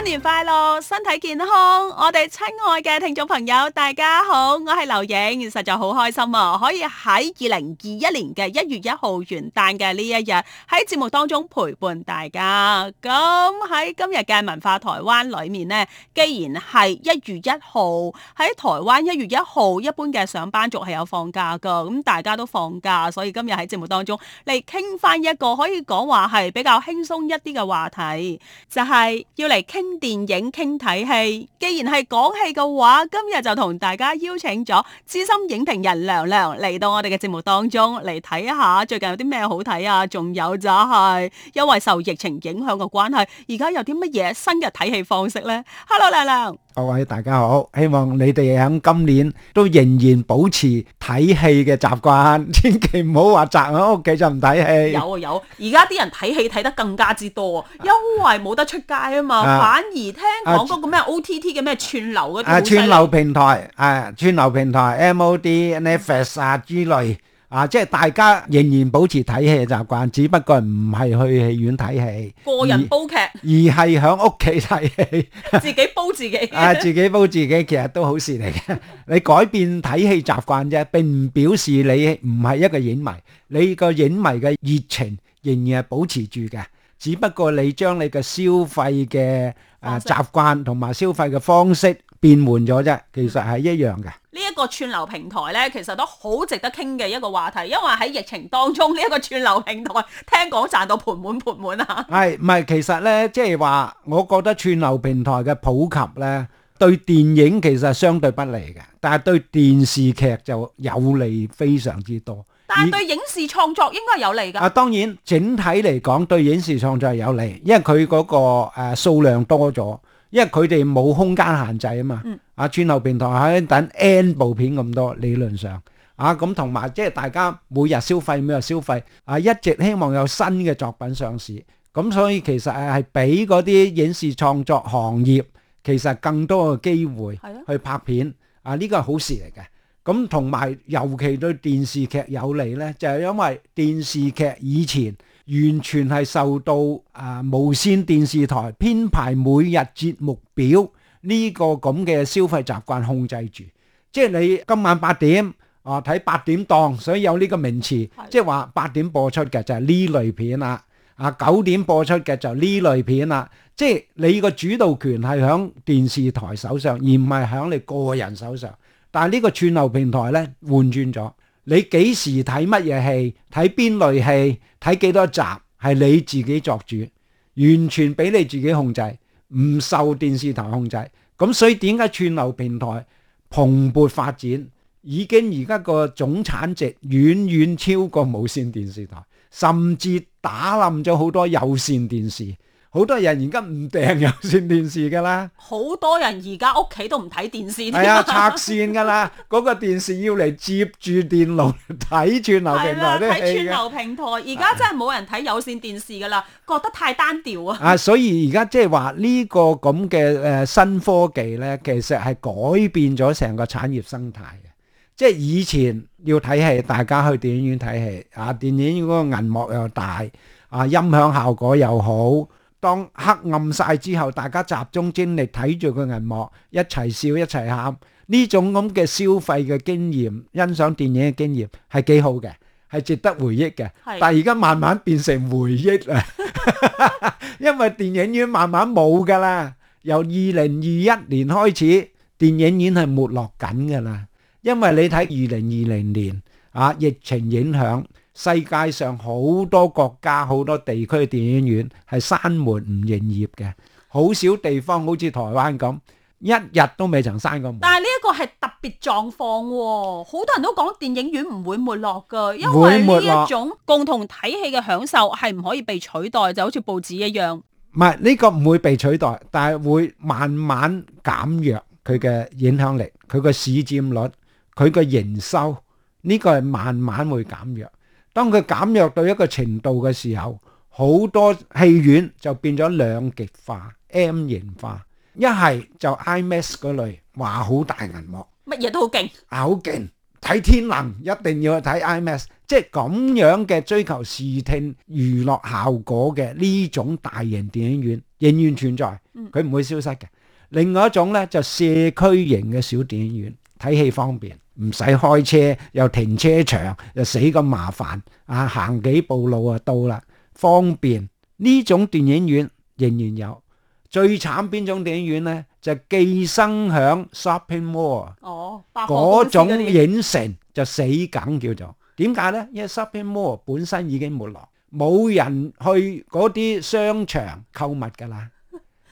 新年快樂，身體健康，我哋親愛嘅聽眾朋友，大家好，我係劉影，現實就好開心啊，可以喺二零二一年嘅一月一號元旦嘅呢一日喺節目當中陪伴大家。咁喺今日嘅文化台灣裏面呢，既然係一月一號喺台灣一月一號，一般嘅上班族係有放假噶，咁大家都放假，所以今日喺節目當中嚟傾翻一個可以講話係比較輕鬆一啲嘅話題，就係、是、要嚟傾。電影傾睇戲，既然係講戲嘅話，今日就同大家邀請咗資深影評人娘娘嚟到我哋嘅節目當中嚟睇下最近有啲咩好睇啊！仲有就係因為受疫情影響嘅關係，而家有啲乜嘢新嘅睇戲方式呢？Hello，娘娘。Hello, 梁梁各位大家好，希望你哋喺今年都仍然保持睇戲嘅習慣，千祈唔好話宅喺屋企就唔睇戲。有啊，有，而家啲人睇戲睇得更加之多啊，因為冇得出街啊嘛，啊反而聽講嗰個咩 O T T 嘅咩串流嗰啲。串流平台啊，串流平台 M O D Netflix 啊之類。啊！即係大家仍然保持睇戲習慣，只不過唔係去戲院睇戲，個人煲劇，而係喺屋企睇戲，自己煲自己。啊！自己煲自己，其實都好事嚟嘅。你改變睇戲習慣啫，並唔表示你唔係一個影迷，你個影迷嘅熱情仍然係保持住嘅。只不過你將你嘅消費嘅誒習慣同埋消費嘅方式變換咗啫，其實係一樣嘅。一個串流平台呢，其實都好值得傾嘅一個話題，因為喺疫情當中，呢一個串流平台聽講賺到盆滿盆滿啊！係，唔係其實呢，即係話，我覺得串流平台嘅普及呢，對電影其實係相對不利嘅，但係對電視劇就有利非常之多。但係對影視創作應該係有利噶？啊，當然，整體嚟講對影視創作係有利，因為佢嗰個誒數量多咗。因為佢哋冇空間限制啊嘛，啊，串流平台可以等 N 部片咁多，理論上，啊，咁同埋即係大家每日消費每日消費，啊，一直希望有新嘅作品上市，咁所以其實係係俾嗰啲影視創作行業其實更多嘅機會去拍片，啊，呢個係好事嚟嘅。咁同埋尤其對電視劇有利呢，就係因為電視劇以前。完全係受到啊無線電視台編排每日節目表呢個咁嘅消費習慣控制住，即係你今晚八點啊睇八點檔，所以有呢個名詞，的即係話八點播出嘅就係呢類片啦，啊九點播出嘅就呢類片啦，即係你個主導權係喺電視台手上，而唔係喺你個人手上，但係呢個串流平台呢，換轉咗。你幾時睇乜嘢戲？睇邊類戲？睇幾多集？係你自己作主，完全俾你自己控制，唔受電視台控制。咁所以點解串流平台蓬勃發展？已經而家個總產值遠遠超過無線電視台，甚至打冧咗好多有線電視。好多人而家唔訂有線電視噶啦。好多人而家屋企都唔睇電視，係啊，拆線噶啦，嗰 個電視要嚟，接住電腦睇串流平台睇，啊、串流平台，而家真係冇人睇有線電視噶啦，啊、覺得太單調啊。啊，所以而家即係話呢個咁嘅誒新科技咧，其實係改變咗成個產業生態嘅。即、就、係、是、以前要睇戲，大家去電影院睇戲啊，電影院嗰個銀幕又大啊，音響效果又好。當黑暗晒之後，大家集中精力睇住個銀幕，一齊笑一齊喊，呢種咁嘅消費嘅經驗、欣賞電影嘅經驗係幾好嘅，係值得回憶嘅。的但而家慢慢變成回憶啦， 因為電影院慢慢冇㗎啦。由二零二一年開始，電影院係沒落緊㗎啦。因為你睇二零二零年啊，疫情影響。世界上好多國家、好多地區嘅電影院係閂門唔營業嘅，好少地方好似台灣咁，一日都未曾閂過門。但係呢一個係特別狀況喎，好多人都講電影院唔會沒落㗎，因為呢一種共同睇戲嘅享受係唔可以被取代，就好似報紙一樣。唔係呢個唔會被取代，但係會慢慢減弱佢嘅影響力、佢個市占率、佢個營收，呢個係慢慢會減弱。當佢減弱到一個程度嘅時候，好多戲院就變咗兩極化、M 型化，一係就 IMAX 嗰類，話好大銀幕，乜嘢都好勁，啊好勁，睇天能一定要去睇 IMAX，即係咁樣嘅追求視聽娛樂效果嘅呢種大型電影院仍然存在，佢唔會消失嘅。嗯。另外一種呢，就社區型嘅小電影院，睇戲方便。唔使開車，又停車場又死咁麻煩啊！行幾步路就到啦，方便，呢種電影院仍然有。最慘邊種電影院呢，就寄生喺 shopping mall 啊！哦，嗰種影城就死梗，叫做點解呢？因為 shopping mall 本身已經沒落，冇人去嗰啲商場購物㗎啦。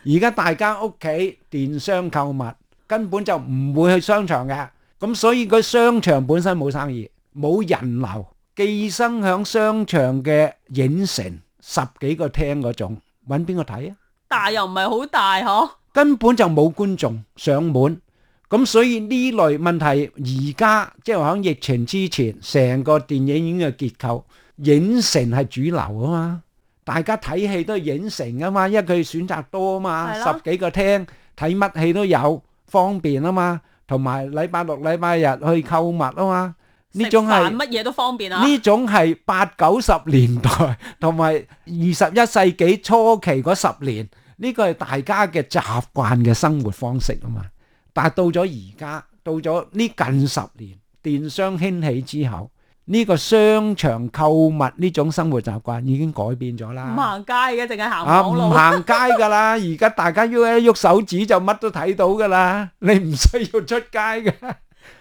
而家大家屋企電商購物根本就唔會去商場嘅。咁所以個商場本身冇生意，冇人流，寄生響商場嘅影城，十幾個廳嗰種，揾邊個睇啊？大又唔係好大嗬，根本就冇觀眾上門。咁所以呢類問題而家即係話喺疫情之前，成個電影院嘅結構，影城係主流啊嘛，大家睇戲都係影城啊嘛，因為佢選擇多啊嘛，十幾個廳睇乜戲都有，方便啊嘛。同埋禮拜六、禮拜日去購物啊嘛，呢種係乜嘢都方便啊。呢種係八九十年代同埋二十一世紀初期嗰十年，呢個係大家嘅習慣嘅生活方式啊嘛。但係到咗而家，到咗呢近十年電商興起之後，呢個商場購物呢種生活習慣已經改變咗啦，唔行街嘅，淨係行網路唔、 啊、唔行街㗎啦。而家大家喐一喐手指就乜都睇到㗎啦，你唔需要出街嘅。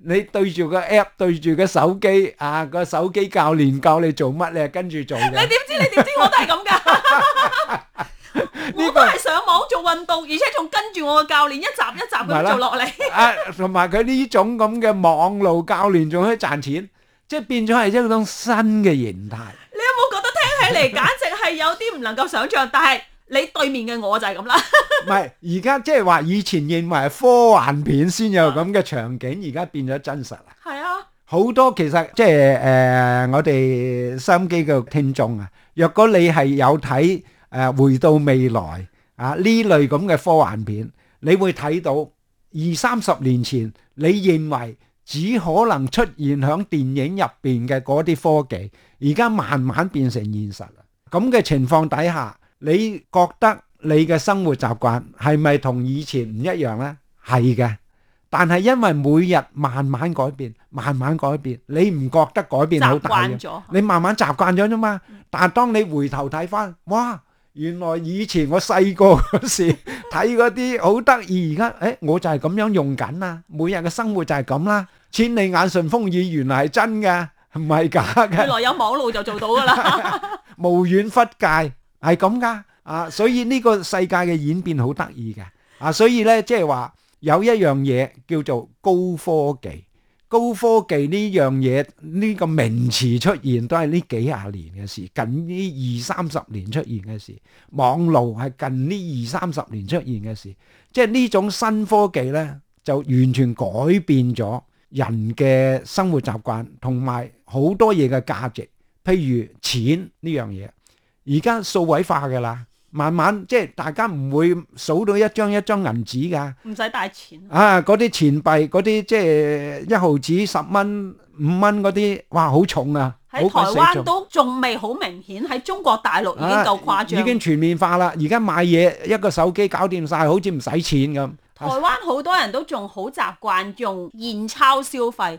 你對住個 app，對住個手機，啊個手機教練教你做乜，你係跟住做嘅。你點知？你點知我都係咁噶？ 邊我都係上網做運動，而且仲跟住我個教練一集一集咁做落嚟，啊。啊，同埋佢呢種咁嘅網路教練仲可以賺錢， 即係變咗係一種新嘅形態。你有冇覺得聽起嚟簡直係有啲唔能夠想象？但係。你對面嘅我就係咁啦，唔係而家即係話以前認為係科幻片先有咁嘅場景，而家變咗真實啦。係啊，好多其實即係誒我哋收音機嘅聽眾啊，若果你係有睇誒回到未來啊呢類咁嘅科幻片，你會睇到二三十年前你認為只可能出現響電影入邊嘅嗰啲科技，而家慢慢變成現實啦。咁嘅情況底下。你覺得你嘅生活習慣係咪同以前唔一樣呢？係嘅，但係因為每日慢慢改變，慢慢改變，你唔覺得改變好大嘅？習慣咗，你慢慢習慣咗啫嘛。但係當你回頭睇翻，哇，原來以前我細個嗰時睇嗰啲好得意，而家誒，我就係咁樣用緊啦。每日嘅生活就係咁啦。千里眼順風耳，原來係真嘅，唔係假嘅。原來有網路就做到噶啦，無遠弗屆。係咁噶，啊，所以呢個世界嘅演變好得意嘅，啊，所以呢，即係話有一樣嘢叫做高科技，高科技呢樣嘢呢個名詞出現都係呢幾廿年嘅事，近呢二三十年出現嘅事，網路係近呢二三十年出現嘅事，即係呢種新科技呢，就完全改變咗人嘅生活習慣同埋好多嘢嘅價值，譬如錢呢樣嘢。而家數位化㗎啦，慢慢即係大家唔會數到一張一張銀紙㗎。唔使帶錢啊！嗰啲錢幣，嗰啲即係一毫紙、十蚊、五蚊嗰啲，哇，好重啊！喺台灣都仲未好明顯，喺中國大陸已經夠誇張，啊、已經全面化啦。而家買嘢一個手機搞掂晒，好似唔使錢咁。台灣好多人都仲好習慣用現鈔消費。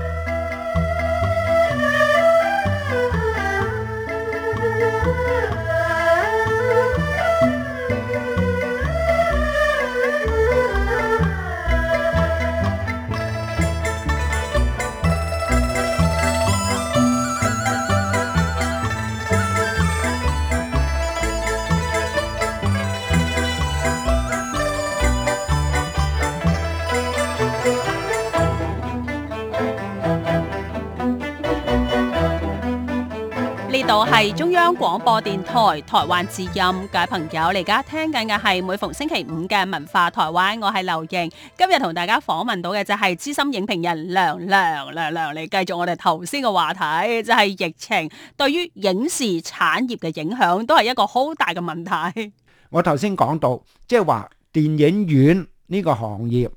係中央廣播電台台灣之音嘅朋友，你而家聽緊嘅係每逢星期五嘅文化台灣，我係劉瑩。今日同大家訪問到嘅就係資深影評人梁良良良，你繼續我哋頭先嘅話題，就係、是、疫情對於影視產業嘅影響，都係一個好大嘅問題。我頭先講到，即係話電影院呢個行業，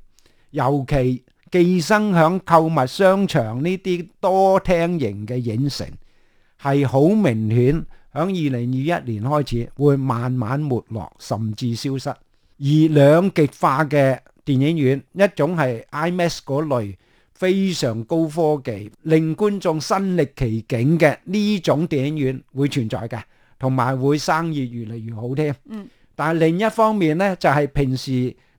尤其寄生響購物商場呢啲多廳型嘅影城。係好明顯，喺二零二一年開始會慢慢沒落，甚至消失。而兩極化嘅電影院，一種係 IMAX 嗰類非常高科技，令觀眾身歷其境嘅呢種電影院會存在嘅，同埋會生意越嚟越好添。嗯，但係另一方面呢，就係、是、平時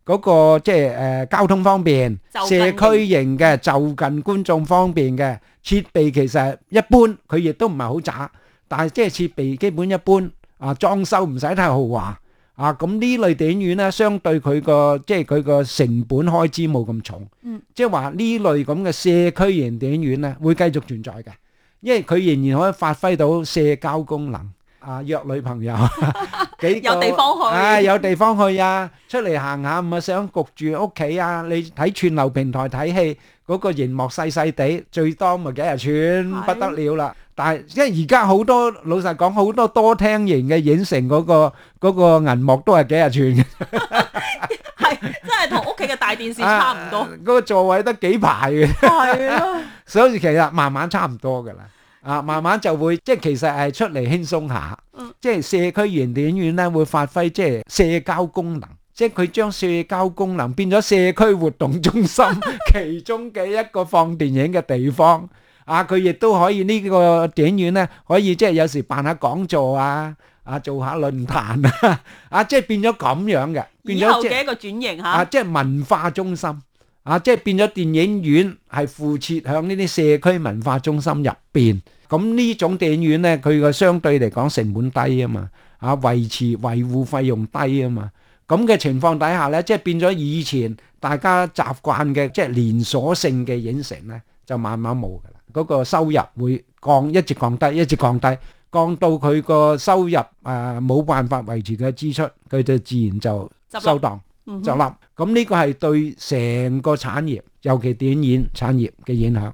嗰、那個即係、就是呃、交通方便、社區型嘅就近觀眾方便嘅。設備其實一般，佢亦都唔係好渣，但係即係設備基本一般啊，裝修唔使太豪華啊，咁呢類電影院呢，相對佢個即係佢個成本開支冇咁重，嗯，即係話呢類咁嘅社區型電影院呢，會繼續存在嘅，因為佢仍然可以發揮到社交功能。啊，約女朋友，有地方去啊，有地方去啊，出嚟行下唔係想焗住屋企啊？你睇串流平台睇戲，嗰個熒幕細細地，最多咪幾十寸不得了啦！但係因為而家好多老實講，好多多廳型嘅影城嗰個嗰個銀幕都係幾十寸，係真係同屋企嘅大電視差唔多。嗰個座位得幾排嘅，係呀，所以其實慢慢差唔多噶啦。啊，慢慢就會即係其實係出嚟輕鬆下，嗯、即係社區院電影院咧會發揮即係社交功能，即係佢將社交功能變咗社區活動中心 其中嘅一個放電影嘅地方。啊，佢亦都可以呢個電影院咧可以即係有時辦下講座啊，啊做下論壇啊，啊即係變咗咁樣嘅，變咗後嘅一個轉型嚇，啊即係文化中心。啊！即係變咗電影院係附設響呢啲社區文化中心入邊，咁呢種電影院咧，佢個相對嚟講成本低啊嘛，啊維持維護費用低啊嘛，咁嘅情況底下咧，即係變咗以前大家習慣嘅即係連鎖性嘅影城咧，就慢慢冇噶啦，嗰個收入會降，一直降低，一直降低，降到佢個收入啊冇辦法維持佢嘅支出，佢就自然就收檔。就立咁呢個係對成個產業，尤其電影產業嘅影響。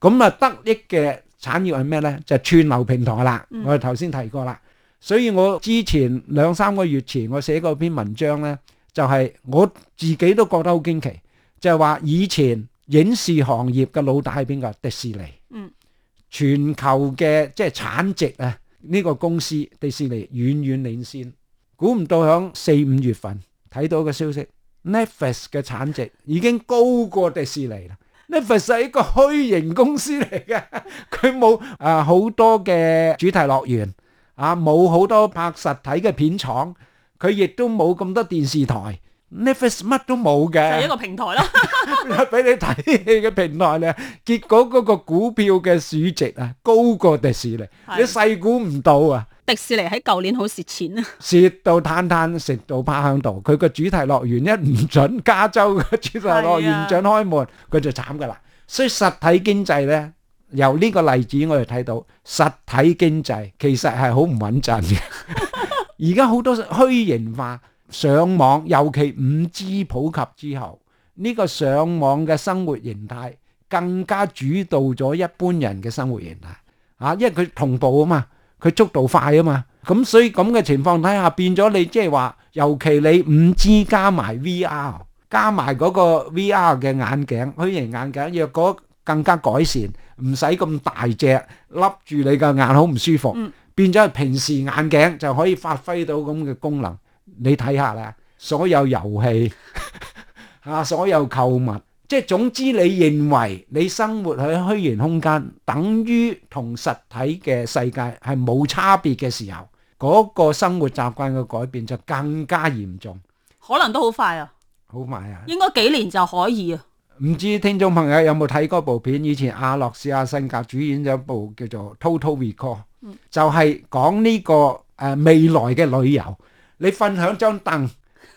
咁、嗯、啊，得益嘅產業係咩呢？就是、串流平台啦。我哋頭先提過啦，所以我之前兩三個月前我寫過篇文章呢，就係、是、我自己都覺得好驚奇，就係、是、話以前影視行業嘅老大係邊個？迪士尼。嗯、全球嘅即係產值啊，呢、這個公司迪士尼遠遠領先，估唔到響四五月份。睇到個消息 Netflix 嘅產值已經高過迪士尼啦。Netflix 係一個虛型公司嚟嘅，佢冇誒好多嘅主題樂園，啊冇好多拍實體嘅片廠，佢亦都冇咁多電視台。Netflix 乜都冇嘅，係一個平台咯，俾 你睇戲嘅平台咧。結果嗰個股票嘅市值啊，高過迪士尼，是你細估唔到啊！迪士尼喺舊年好蝕錢啊，蝕到攤攤，食到趴響度。佢個主題樂園一唔准加州嘅主題樂園唔准開門，佢、啊、就慘噶啦。所以實體經濟呢，由呢個例子我哋睇到，實體經濟其實係好唔穩陣嘅。而家好多虛型化，上網尤其五 G 普及之後，呢、這個上網嘅生活形態更加主導咗一般人嘅生活形態啊，因為佢同步啊嘛。佢速度快啊嘛，咁、嗯、所以咁嘅情況底下變咗你即係話，尤其你五 G 加埋 VR 加埋嗰個 VR 嘅眼鏡虛型眼鏡，眼鏡若果更加改善，唔使咁大隻笠住你個眼好唔舒服。嗯、變咗平時眼鏡就可以發揮到咁嘅功能。你睇下啦，所有遊戲啊， 所有購物。即係總之，你認為你生活喺虛擬空間，等於同實體嘅世界係冇差別嘅時候，嗰個生活習慣嘅改變就更加嚴重，可能都好快啊，好快啊，應該幾年就可以啊，唔知聽眾朋友有冇睇過部片？以前阿諾史瓦辛格主演咗一部叫做《Total Recall》，就係講呢個誒未來嘅旅遊，你瞓喺張凳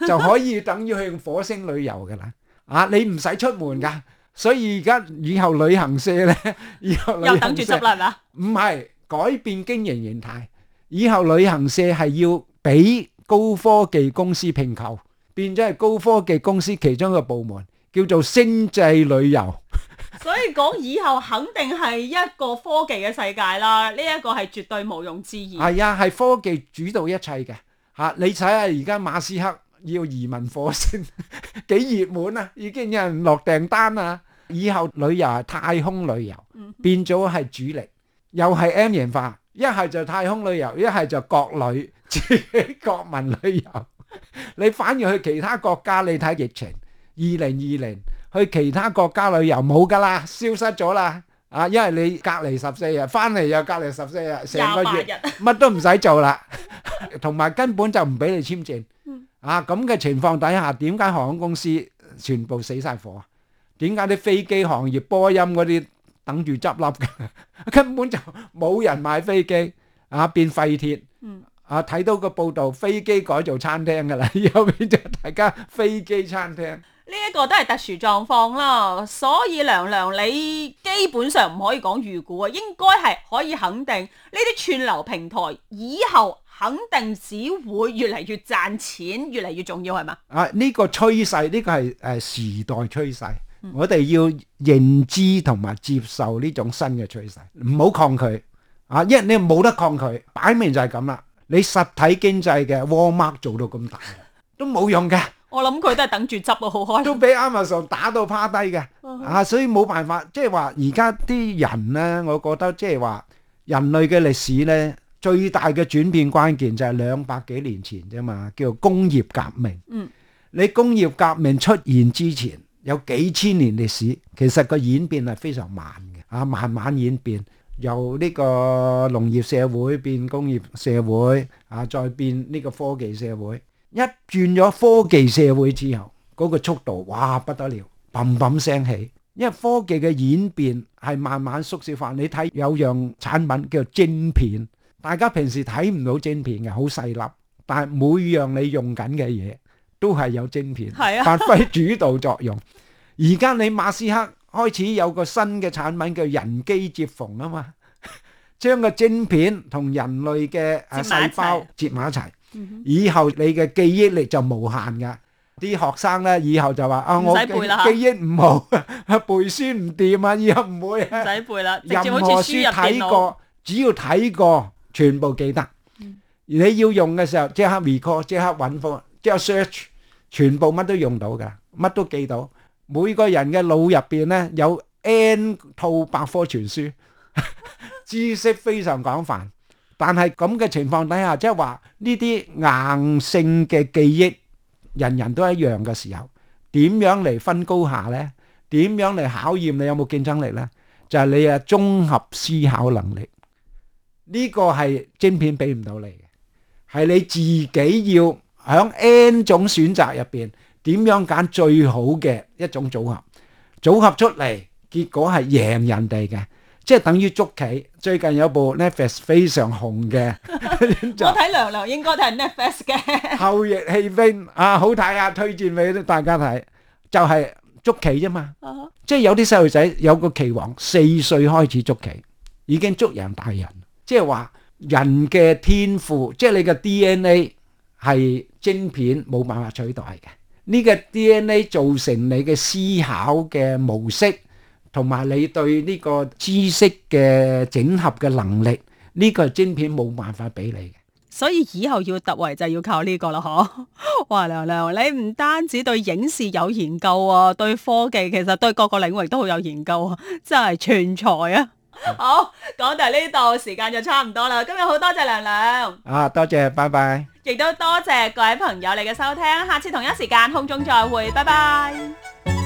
就可以等於去火星旅遊㗎啦。啊！你唔使出門㗎，所以而家以後旅行社咧，以後又等住執啦，係咪啊？唔係，改變經營形態，以後旅行社係要俾高科技公司併購，變咗係高科技公司其中一個部門，叫做星際旅遊。所以講以後肯定係一個科技嘅世界啦，呢一個係絕對毋庸置疑。係啊，係科技主導一切嘅吓，你睇下而家馬斯克。要移民火星幾熱門啊！已經有人落訂單啦。以後旅遊係太空旅遊變咗係主力，又係 M 型化。一係就太空旅遊，一係就國旅，自己國民旅遊。你反而去其他國家，你睇疫情二零二零去其他國家旅遊冇噶啦，消失咗啦。啊，因為你隔離十四日，翻嚟又隔離十四日，成個月乜都唔使做啦，同埋根本就唔俾你簽證。啊咁嘅情況底下，點解航空公司全部死晒火啊？點解啲飛機行業波音嗰啲等住執笠㗎？ 根本就冇人買飛機啊，變廢鐵。嗯、啊，睇到個報道，飛機改做餐廳㗎啦，後面就大家飛機餐廳。呢一個都係特殊狀況啦，所以娘娘，你基本上唔可以講預估啊，應該係可以肯定呢啲串流平台以後。肯定只會越嚟越賺錢，越嚟越重要係嘛？啊！呢、這個趨勢，呢、這個係誒、呃、時代趨勢，嗯、我哋要認知同埋接受呢種新嘅趨勢，唔好抗拒啊！因為你冇得抗拒，擺明就係咁啦。你實體經濟嘅沃爾瑪做到咁大，都冇用嘅。我諗佢都係等住執咯，好開心。都俾 Amazon 打到趴低嘅、嗯、啊，所以冇辦法。即係話而家啲人咧，我覺得即係話人類嘅歷史咧。最大嘅轉變關鍵就係兩百幾年前啫嘛，叫工業革命。嗯，你工業革命出現之前有幾千年歷史，其實個演變係非常慢嘅，啊，慢慢演變由呢個農業社會變工業社會，啊，再變呢個科技社會。一轉咗科技社會之後，嗰個速度哇不得了，砰砰聲起，因為科技嘅演變係慢慢縮小化。你睇有樣產品叫晶片。大家平時睇唔到晶片嘅，好細粒，但係每樣你用緊嘅嘢都係有晶片，發揮主導作用。而家你馬斯克開始有個新嘅產品叫人機接縫啊嘛，將個晶片同人類嘅誒細胞接埋一齊，以後你嘅記憶力就無限噶。啲學生咧，以後就話啊，我記憶唔好，背書唔掂啊，以後唔會。唔使背啦，直接輸入腦。只要睇過，全部記得，而你要用嘅時候即刻 recall，即刻揾貨，即刻 search，全部乜都用到㗎，乜都記到。每個人嘅腦入邊咧有 n 套百科全書，知識非常廣泛。但係咁嘅情況底下，即係話呢啲硬性嘅記憶，人人都一樣嘅時候，點樣嚟分高下咧？點樣嚟考驗你有冇競爭力咧？就係你嘅綜合思考能力。呢個係晶片俾唔到你嘅，係你自己要喺 n 種選擇入邊點樣揀最好嘅一種組合組合出嚟，結果係贏人哋嘅，即係等於捉棋。最近有部 Netflix 非常紅嘅，我睇娘娘應該都係 Netflix 嘅後翼棄兵啊，好睇啊！推薦俾大家睇就係捉棋啫嘛，即係有啲細路仔有個棋王，四歲開始捉棋，已經捉贏大人。即係話人嘅天賦，即係你嘅 DNA 係晶片，冇辦法取代嘅。呢個 DNA 造成你嘅思考嘅模式，同埋你對呢個知識嘅整合嘅能力，呢個晶片冇辦法俾你嘅。所以以後要突圍就係要靠呢個啦，嗬？哇，娘娘，你唔單止對影視有研究啊，對科技其實對各個領域都好有研究啊，真係全才啊！ 好，講到呢度時間就差唔多啦。今日好多謝娘娘，啊多謝，拜拜。亦都多謝各位朋友你嘅收聽，下次同一時間空中再會，拜拜。